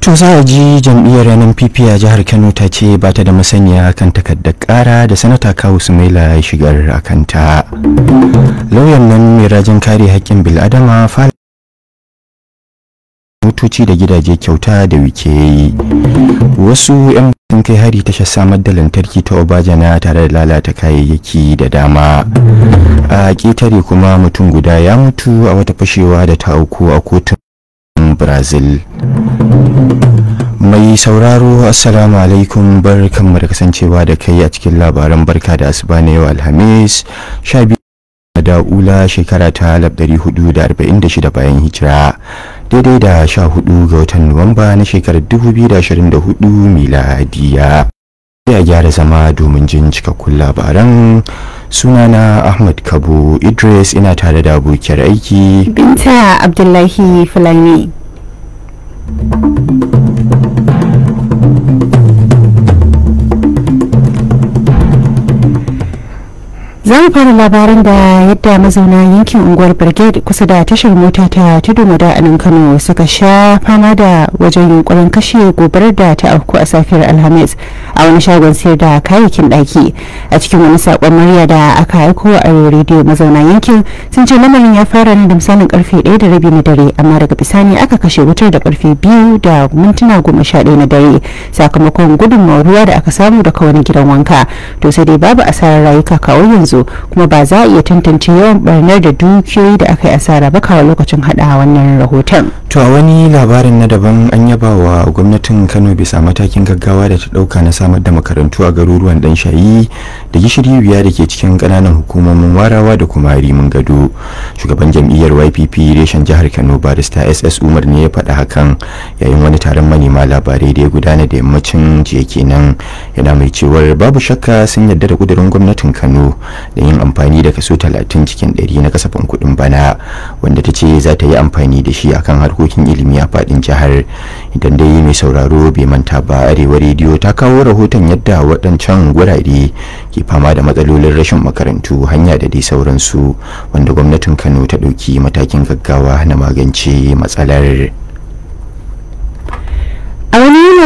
to ji jam'iyyar nnpp a jihar kano ta ce ba ta da masaniya kan takardar ƙara da sanata kawu sumaila ya shigar a kanta lauyan nan mai rajin kare haƙƙin bil'adama fala motoci da gidaje kyauta da wike wasu 'yan sun kai hari tashar samar da lantarki ta obajana tare da lalata kayayyaki da dama a ƙetare kuma mutum guda ya mutu a wata fashewa da ta auku a kotun brazil mai sauraro assalamu alaikum barkanmu da kasancewa da kai a cikin labaran barka da asuba na yau alhamis 12 da'ula shekara ta 446 bayan hijira daidai da sha hudu ga watan nuwamba na shekarar 2024 miladiya ya gyara zama domin jin cikakkun labaran sunana ahmad kabo idris ina tare da abokiyar aiki binta abdullahi fulani Thank you. za mu fara labarin da yadda mazauna yankin unguwar brigade kusa da tashar mota ta tudu mada a nan kano suka sha fama da wajen yunkurin kashe gobarar da ta afku a safiyar alhamis a wani shagon sayar da kayayyakin ɗaki a cikin wani sakon murya da aka aiko a rediyo mazauna yankin sun ce lamarin ya fara ne da misalin karfe ɗaya da rabi na dare amma daga bisani aka kashe wutar da karfe biyu da mintuna goma na dare sakamakon gudunmawar ruwa da aka samu daga wani gidan wanka to sai dai babu asarar rayuka kawo yanzu su kuma ba za a iya tantance yawan barnar da dukiyoyi da aka yi asara ba kawai lokacin hada wannan rahoton to a wani labarin na daban an yaba wa gwamnatin kano bisa matakin gaggawa da ta dauka na samar da makarantu a garuruwan dan shayi da gishiri biya da ke cikin kananan hukumomin warawa da kuma rimin gado shugaban jam'iyyar ypp reshen jihar kano barista ss umar ne ya faɗa hakan yayin wani taron manema labarai da ya gudana da yammacin jiya kenan yana mai cewar babu shakka sun yarda da kudurin gwamnatin kano da yin amfani da kaso 30 cikin 100 na kasafin kudin bana wanda ta ce za ta yi amfani da shi akan harkokin ilimi a fadin jihar idan dai mai sauraro bai manta ba arewa rediyo ta kawo rahoton yadda waɗancan gurare ke fama da matsalolin rashin makarantu hanya da dai sauransu wanda gwamnatin kano ta ɗauki matakin gaggawa na magance matsalar.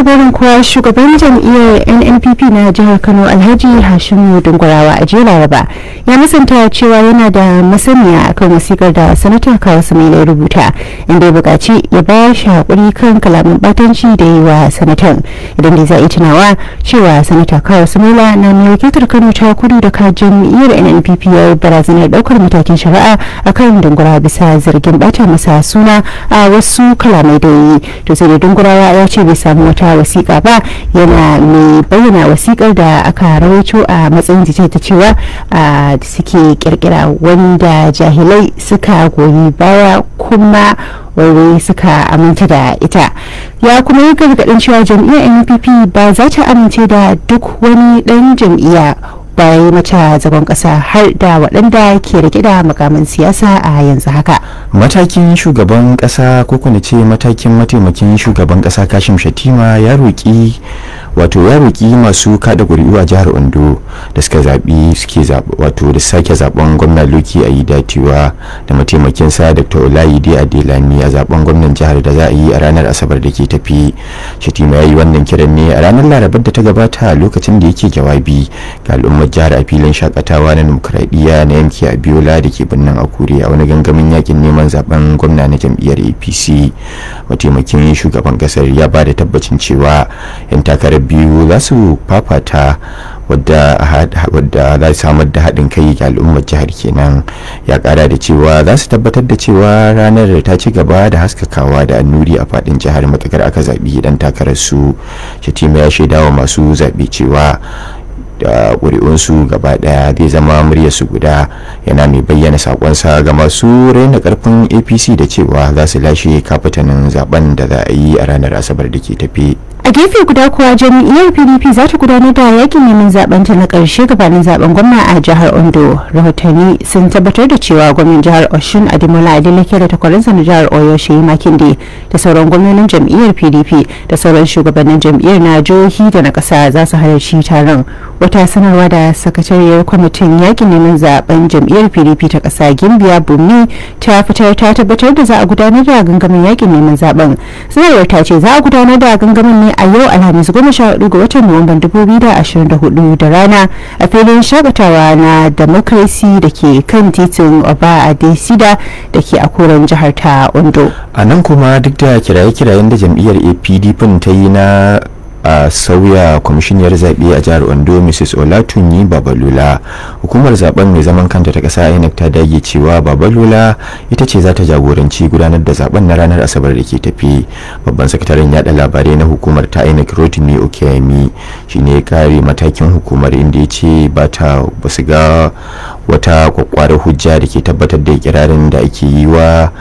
labarin kuwa shugaban jam'iyyar nnpp na jihar kano alhaji hashimu dungurawa a jiya laraba ya musanta cewa yana da masaniya akan wasikar da sanata kawasu mai rubuta inda ya bukaci ya ba shi haƙuri kan kalamin batanci da yi wa sanatan idan da za a yi tunawa cewa sanata kawasu mai na mai kano ta kudu da ka jam'iyyar nnpp ya barazanar ɗaukar matakin shari'a akan dungurawa bisa zargin bata masa suna a wasu kalamai da yi to sai da dungurawa ya ce bai samu wata wasiƙa ba yana mai bayyana wasiƙar da aka rawaito a matsayin jita ta cewa suke kirkira wanda jahilai suka goyi baya kuma waiwai suka aminta da ita ya kuma yi gargaɗin cewa jam'iyyar npp ba za ta amince da duk wani ɗan jam'iyya bayi yi mata zagon kasa har da waɗanda ke rike da makaman siyasa a yanzu haka matakin shugaban kasa ko kuma ce matakin mataimakin shugaban kasa kashim shatima ya roƙi wato ya roki masu kada ƙuri'u a jihar ondo da suka zaɓi suke wato da sake zaben gwamna loki a yi datewa da mataimakin sa dr olayide adelani a zaɓen gwamnan jihar da za a yi a ranar asabar da ke tafi shatima ya yi wannan kiran ne a ranar larabar da ta gabata a lokacin da yake jawabi ga al'ummar jihar a filin shakatawa na dimokuraɗiyya na yanki abiola da ke birnin akure a wani gangamin yakin neman zaben gwamna na jam'iyyar apc mataimakin shugaban kasar ya ba da tabbacin cewa 'yan takarar biyu za su fafata wadda za su samar da haɗin kai ga al'ummar jihar kenan ya ƙara da cewa za su tabbatar da cewa ranar ta ci gaba da haskakawa da annuri a faɗin jihar matakar aka zaɓi dan takarar su shatima ya wa masu zaɓe cewa da ƙuri'unsu gaba ɗaya zai zama su guda yana mai bayyana saƙonsa ga masu raina ƙarfin apc da cewa za su lashe kafatanin zaben da za a yi a ranar asabar da ke tafi a gefe guda kuwa jami'iyar pdp za ta gudanar da yakin neman zaben ta na karshe gabanin zaben gwamna a jihar ondo rahotanni sun tabbatar da cewa gwamnan jihar oshun adimola adeleke da takwarinsa na jihar oyo shehi makinde da sauran gwamnonin jam'iyyar pdp da sauran shugabannin jam'iyyar na jihohi da na kasa za su halarci taron wata sanarwa da sakatariyar kwamitin yakin neman zaben jam'iyyar pdp ta kasa gimbiya bumi ta fitar ta tabbatar da za a gudanar da gangamin yakin neman zaben sanarwar ta ce za a gudanar da gangamin a yau alhamis goma sha hudu ga watan nuwamban dubu biyu da ashirin da hudu da rana a filin shakatawa na democracy da ke kan titin oba a desida da ke a koren jihar ta ondo a nan kuma duk da kiraye-kirayen da jam'iyyar apdp ta yi na a sauya kwamishiniyar zaɓe a jihar ondo mrs olatunyi babalola hukumar zaben mai zaman kanta ta ƙasa inec ta dage cewa babalola ita ce za ta jagoranci gudanar da zaben na ranar asabar da ke tafi babban sakataren yada labarai na hukumar ta inec rotimi okemi shine ya kare matakin hukumar inda ya ce ba ta basu ga wata kwakwara hujja da ke tabbatar da kirarin da ake yi wa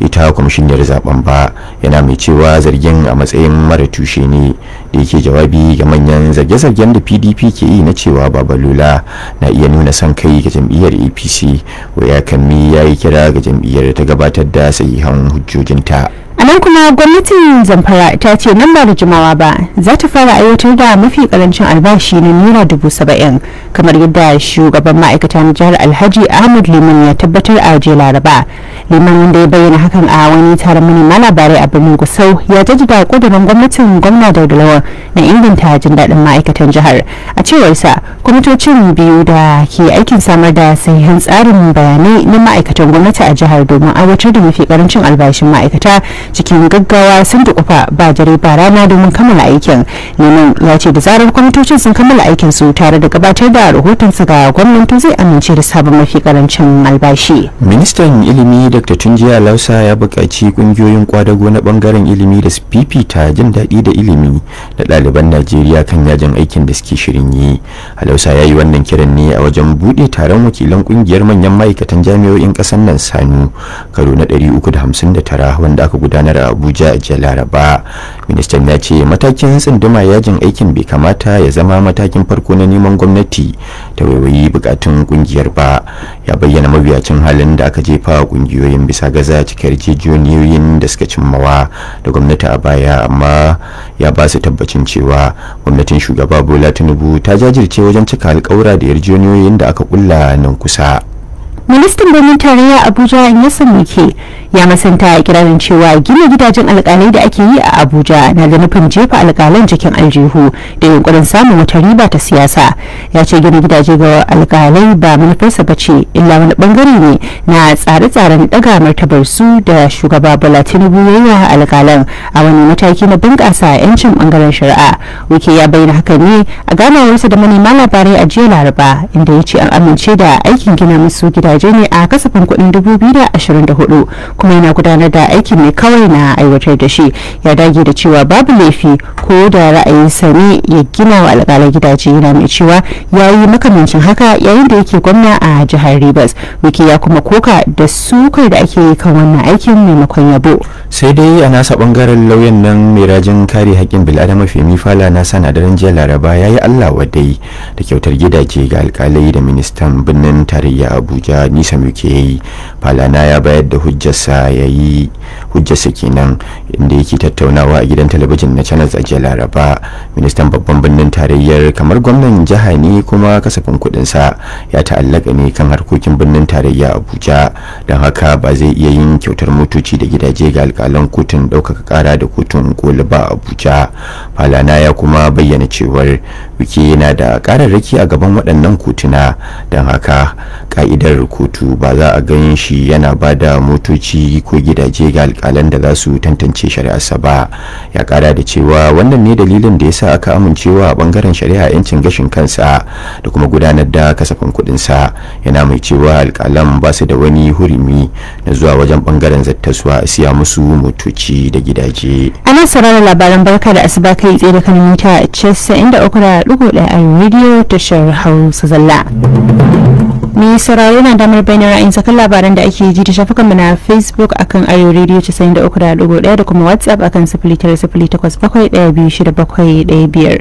ita kwamishiniyar zaben ba yana mai cewa zargin a matsayin mara tushe ne da yake jawabi ga manyan zarge-zargen da pdp ke yi na cewa babalula na iya nuna son kai ga jam'iyyar apc waya kammi ya yi kira ga jam'iyyar ta gabatar da sahihan hujjojinta a nan kuma gwamnatin zamfara ta ce nan ba da jimawa ba za ta fara aiwatar da mafi karancin albashi na naira dubu saba'in kamar yadda shugaban ma'aikata na jihar alhaji ahmad liman ya tabbatar a jiya laraba liman wanda ya bayyana hakan a wani taron manema labarai a birnin gusau ya jaddada kudurin gwamnatin gwamna da lawan na inganta jin daɗin ma'aikatan jihar a cewar sa kwamitocin biyu da ke aikin samar da sahihan tsarin bayanai na ma'aikatan gwamnati a jihar domin aiwatar da mafi karancin albashin ma'aikata cikin gaggawa sun dukufa ba jare ba rana domin kammala aikin neman ya ce da zarar kwamitocin sun kammala aikin su tare da gabatar da rahoton su ga gwamnati zai amince da sabon mafi karancin albashi ministan ilimi dr tunjiya lausa ya buƙaci ƙungiyoyin kwadago na ɓangaren ilimi da fifita jin daɗi da ilimi da ɗalibai ɗaliban najeriya kan yajin aikin da suke shirin yi alausa ya yi wannan kiran ne a wajen buɗe taron wakilan ƙungiyar manyan ma'aikatan jami'o'in ƙasar nan sanu karo na tara wanda aka gudanar a abuja a jiya laraba ministan ya ce matakin tsunduma yajin aikin bai kamata ya zama matakin farko na neman gwamnati ta waiwayi bukatun ƙungiyar ba ya bayyana mabiyacin halin da aka jefa ƙungiyoyin bisa gaza cikin da suka cimmawa da gwamnati a baya amma ya ba su tabbacin cewa gwamnatin shugaba bola tinubu ta jajirce wajen cika alkawura da yarjejeniyoyin da aka kulla nan kusa ministan birnin tarayya abuja yassan muke ya masanta a kirarin cewa gina gidajen alkalai da ake yi a abuja na da nufin jefa alkalan cikin aljihu da yunkurin samun wata riba ta siyasa ya ce gina gidaje ga alkalai ba manufarsa ba ce illa wani bangare ne na tsare-tsaren daga martabar su da shugaba bola tinubu yi alkalan a wani mataki na bunƙasa yancin bangaren shari'a wike ya bayyana haka ne a ganawarsa da manema labarai a jiya laraba inda ya ce an amince da aikin gina musu gidaje gidaje ne a kasafin kuɗin 2024 kuma yana gudanar da aikin ne kawai na aiwatar da shi ya dage da cewa babu laifi ko da ra'ayi sani ya gina wa alƙalai gidaje yana mai cewa ya yi makamancin haka yayin da yake gwamna a jihar Rivers wiki ya kuma koka da sukar da ake yi kan wannan aikin maimakon yabo sai dai a nasa bangaren lauyan nan mai rajin kare haƙƙin bil'adama femi fala na sanadarin jiya laraba ya yi allah wadai da kyautar gidaje ga alkalai da ministan birnin tarayya abuja nisa muke yi falana ya bayar da hujjarsa ya yi hujjarsa kenan inda yake tattaunawa a gidan talabijin na channels a jiya laraba ministan babban birnin tarayyar kamar gwamnan jiha ne kuma kasafin kudinsa ya ta'allaka ne kan harkokin birnin tarayya abuja don haka ba zai iya yin kyautar motoci da gidaje ga alkalan kotun ɗaukaka kara da kotun koli ba abuja falana ya kuma bayyana cewar wike yana da kararraki a gaban waɗannan kotuna don haka ka'idar kotu ba za a gan shi yana ba da motoci ko gidaje ga alkalan da za su tantance shari'arsa ba ya kara da cewa wannan ne dalilin da ya sa aka amincewa a bangaren shari'a yancin gashin kansa da kuma gudanar da kasafin kudinsa yana mai cewa alkalan ba su da wani hurumi na zuwa wajen bangaren zattaswa siya musu motoci da gidaje a nan sauraron labaran barka da asuba kai tsaye da kan mita 93.1 a rediyo tashar hausa zalla mi sauraro na damar bayyana sa kan labaran da ake ji da mu na facebook akan ayo radio 93.1 da kuma whatsapp akan 0908 bakwai ɗaya biyu shida bakwai ɗaya biyar.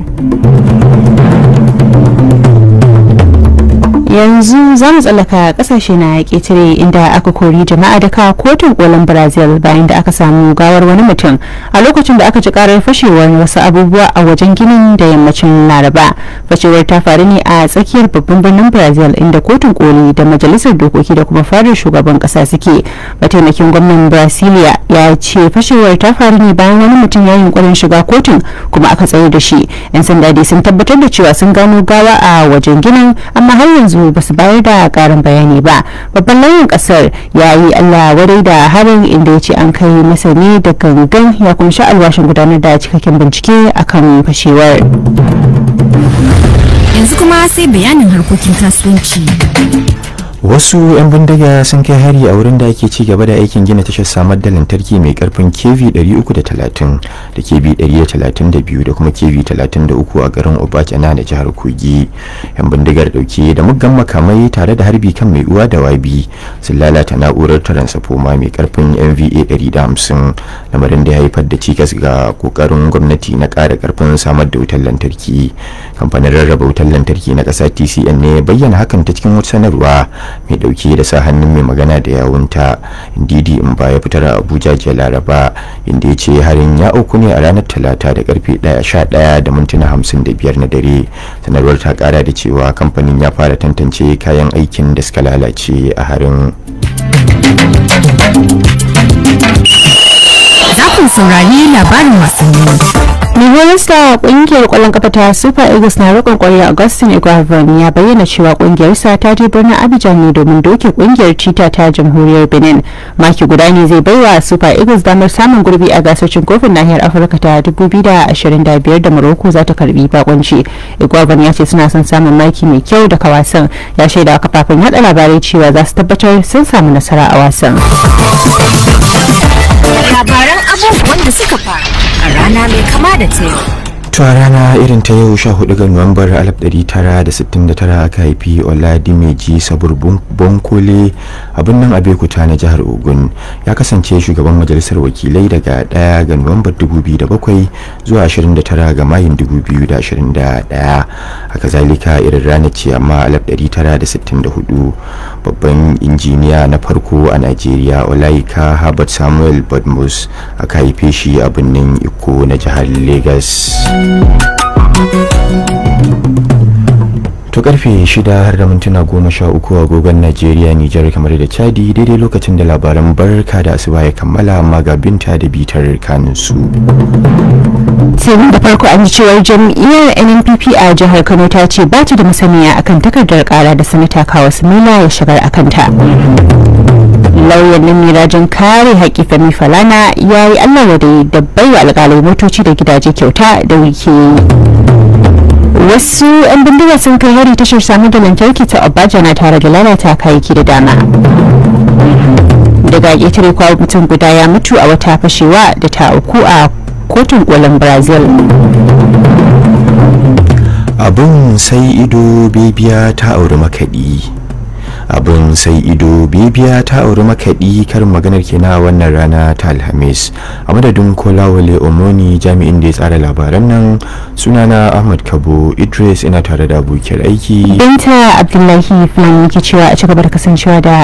yanzu za mu tsallaka kasashe na ketare inda aka kori jama'a daga kotun kolin brazil bayan da aka samu gawar wani mutum a lokacin da aka ji karar fashewar wasu abubuwa a wajen ginin da yammacin laraba fashewar ta faru ne a tsakiyar babban birnin brazil inda kotun koli da majalisar dokoki da kuma farin shugaban kasa suke mataimakin gwamnan brasilia ya ce fashewar ta faru ne bayan wani mutum ya yunkurin shiga kotun kuma aka tsaye da shi yan sanda sun tabbatar da cewa sun gano gawa a wajen ginin amma har yanzu ba su bayar da karin bayani ba babban lauyan kasar ya yi allah wadai da harin inda ya ce an kai masa ne da gangan ya kuma sha alwashin gudanar da cikakken bincike a kan fashewar yanzu kuma sai bayanin harkokin kasuwanci wasu 'yan bindiga sun kai hari a wurin da ake ci gaba da aikin gina tashar samar da lantarki mai karfin kv 330 da kv 132 da kuma kv 33 a garin obacana da jihar kogi 'yan bindigar dauke da muggan makamai tare da harbi kan mai uwa da wabi sun lalata na'urar taransafoma mai karfin mva 150 lamarin da ya haifar da cikas ga kokarin gwamnati na kara karfin samar da wutar lantarki kamfanin rarraba wutar lantarki na kasa tcn ne bayyana hakan ta cikin wata sanarwa mai dauki da sa hannun mai magana da yawunta didi in ba ya fitar a abuja jiya laraba inda ya ce harin ya auku ne a ranar talata da karfe 11 da mintuna 55 na dare sanarwar ta kara da cewa kamfanin ya fara tantance kayan aikin da suka lalace a harin zafin saurari labarin wasanni Minista wa kungiyar kwallon kafa ta super eagles na rikon kwarya augustin iguavani ya bayyana cewa sa ta je birnin abidjan ne domin doke kungiyar cita ta jamhuriyar benin maki guda ne zai baiwa super eagles damar samun gurbi a gasar cin kofin nahiyar afirka ta 2025 da morocco za ta karbi bakonci iguavani ya ce suna son samun maki mai kyau daga wasan ya shaida a kafafen yada labarai cewa za su tabbatar sun samu nasara a wasan labaran abubuwan da suka faru rana mai kama da ta yau a rana irin ta yau sha 14 ga nuwambar 1969 aka haifi oladimeji saburbun bonkole abin nan abekuta na jihar ogun ya kasance shugaban majalisar wakilai daga 1 ga nuwamba 2007 zuwa 29 ga mayun 2021 haka zalika irin ranar ce amma 1964 babban injiniya na farko a nigeria olaika herbert samuel badmus aka haife shi a birnin iko na jihar lagos to karfe shida har da mintuna goma sha uku agogon najeriya nijar kamar da chadi daidai lokacin da labaran barka da asuba ya kammala amma ga binta da bitar su. sai da farko an ji cewar jam'iyyar nnpp a jihar kano ta ce ba ta da masaniya akan takardar kara da sanata kawo mila ya shagar a kanta. lauyan na mirajin kare haƙƙi fami falana ya yi allah da da baiwa alƙalai motoci da gidaje kyauta da wike wasu 'yan bindiga sun kai hari tashar samar da lantarki ta abuja na tare da lalata kayayyaki da dama daga ƙetare kwa mutum guda ya mutu a wata fashewa da ta uku a kotun kolin brazil abin sai ido bibiya ta auri makaɗi abun sai ido bibiya ta auri makaɗi karin maganar kina a wannan rana ta alhamis a madadin kolawale omoni jami'in da ya tsara labaran nan sunana ahmad kabo idris ina tare da abokiyar aiki binta abdullahi fulani ke cewa a cigaba da kasancewa da